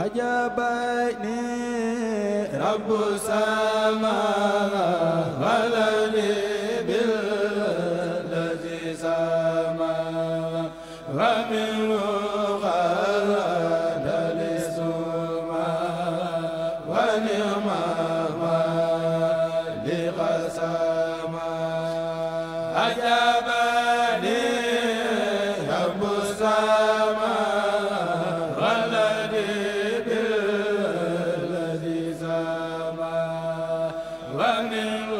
ajabani rabbu samaa leen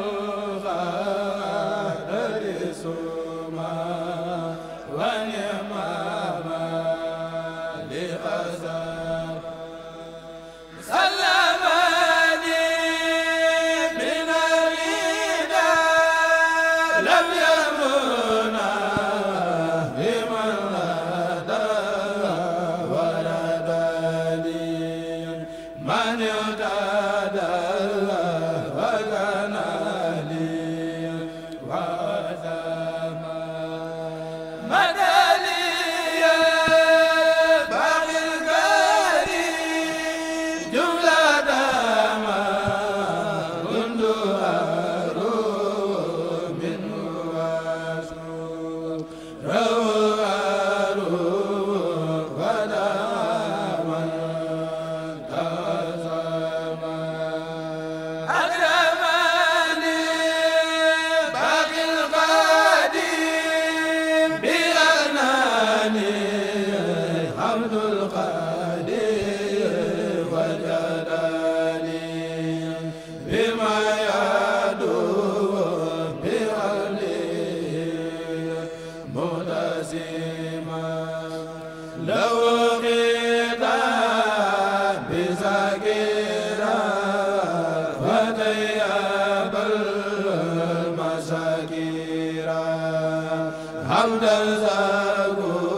tansaku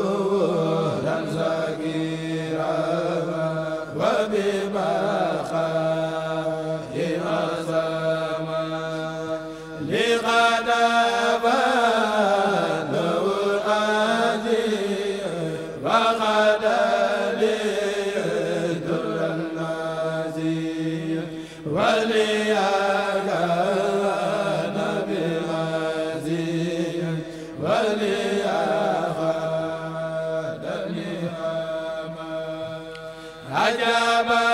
ajaba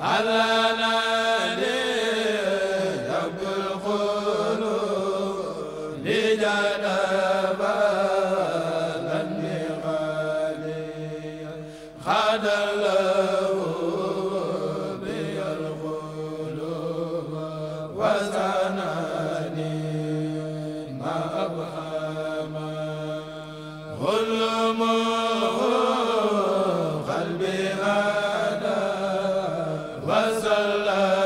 ala Allah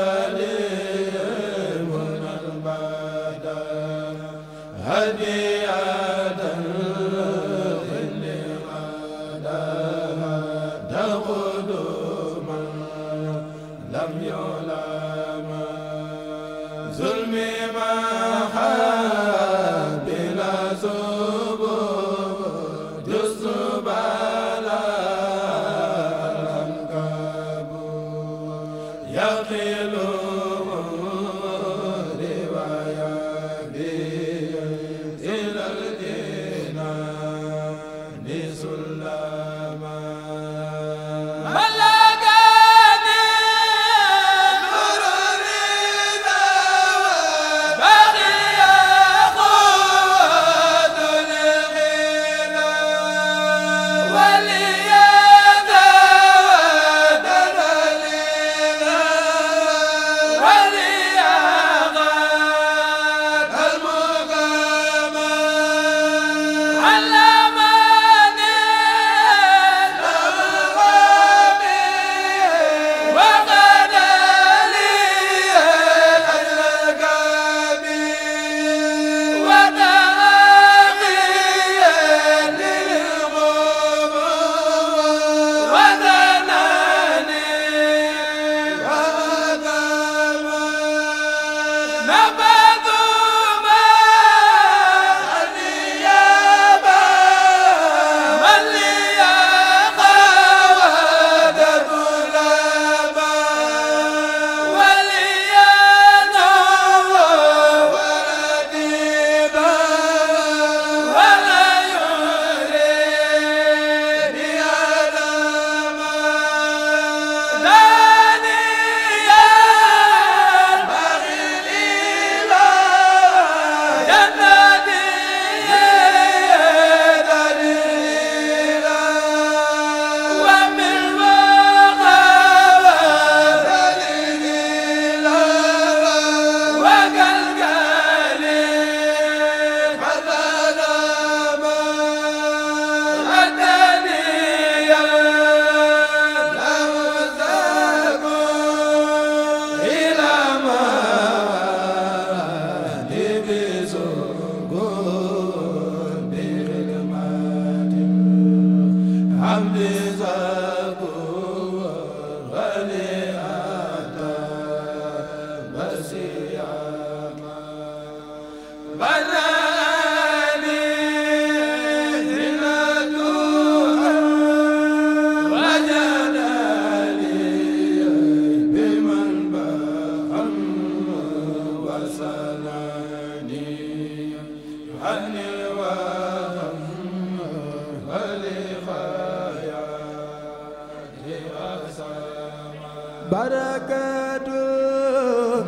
barakaatu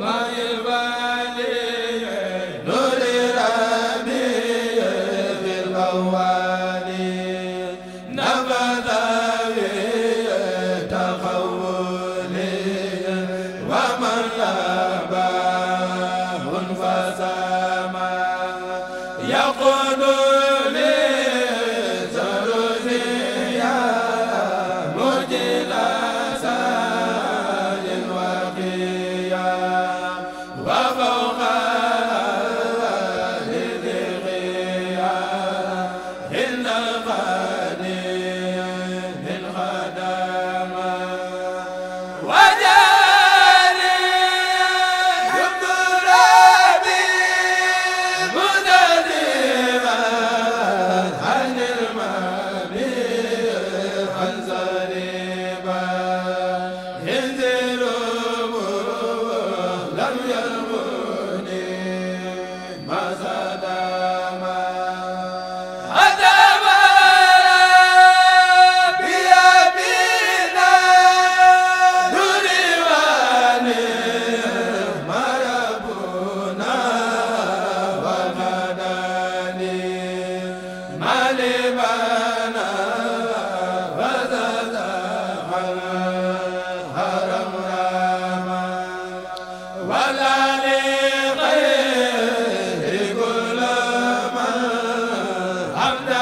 am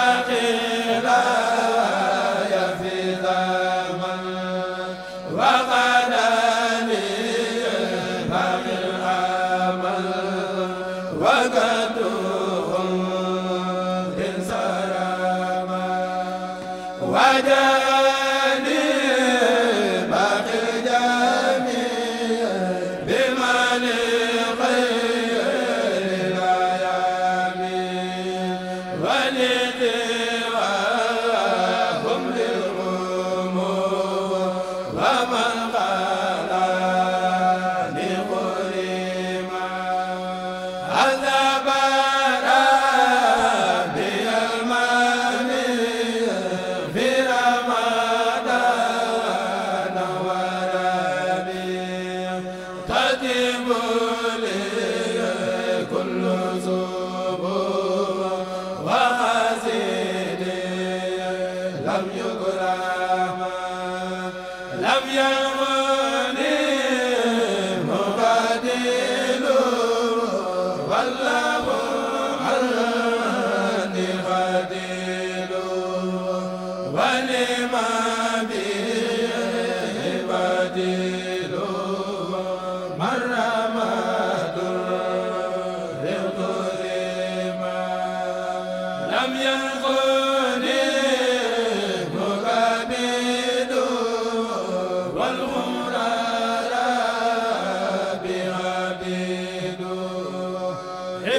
ya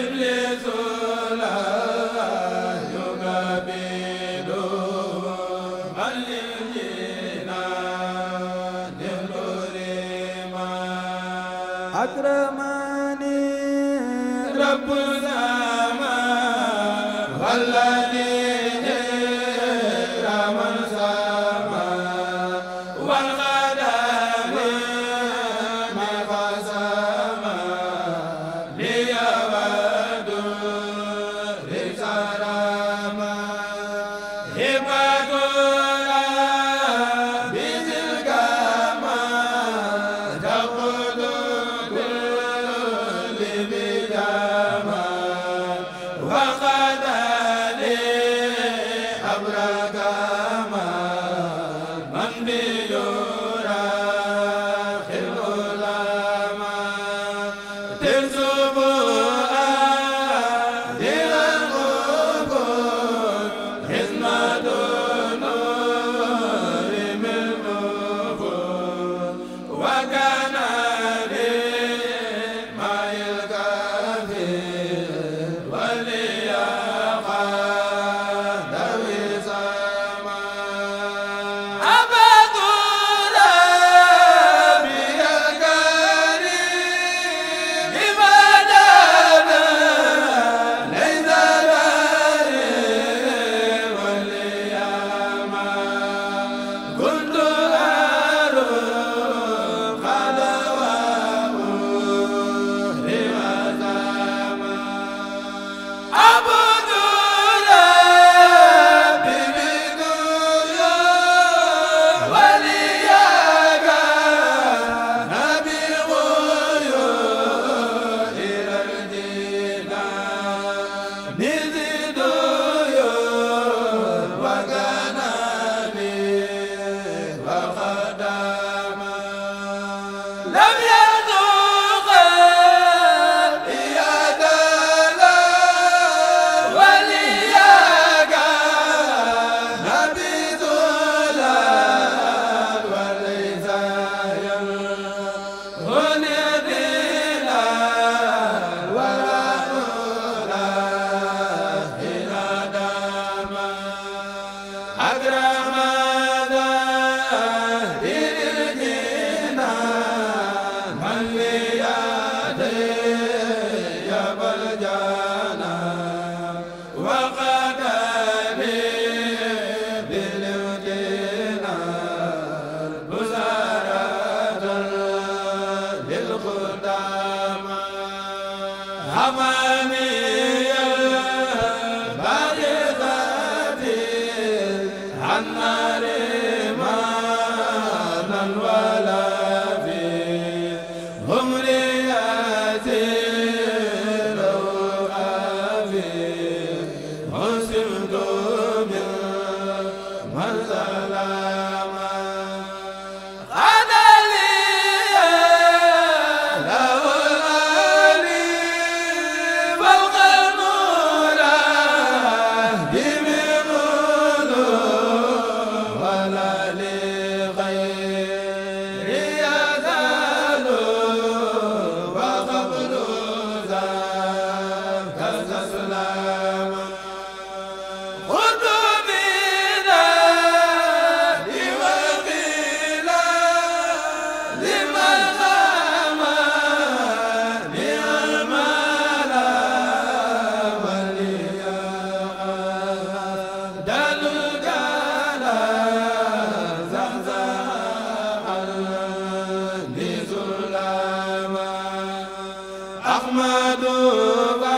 leen lu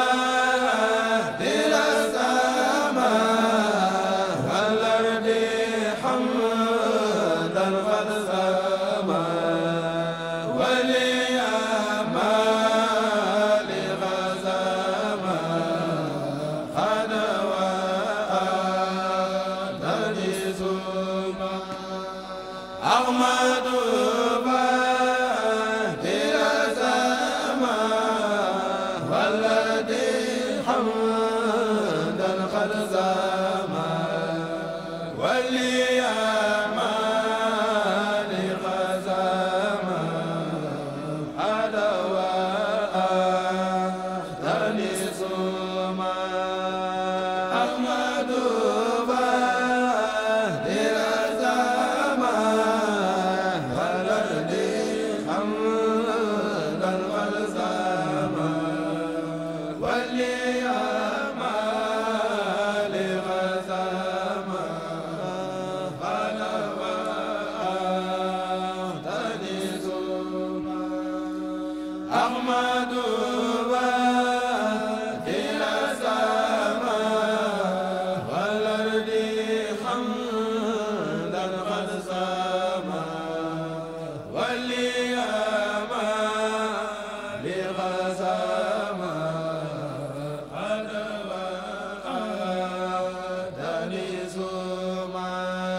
Barzakh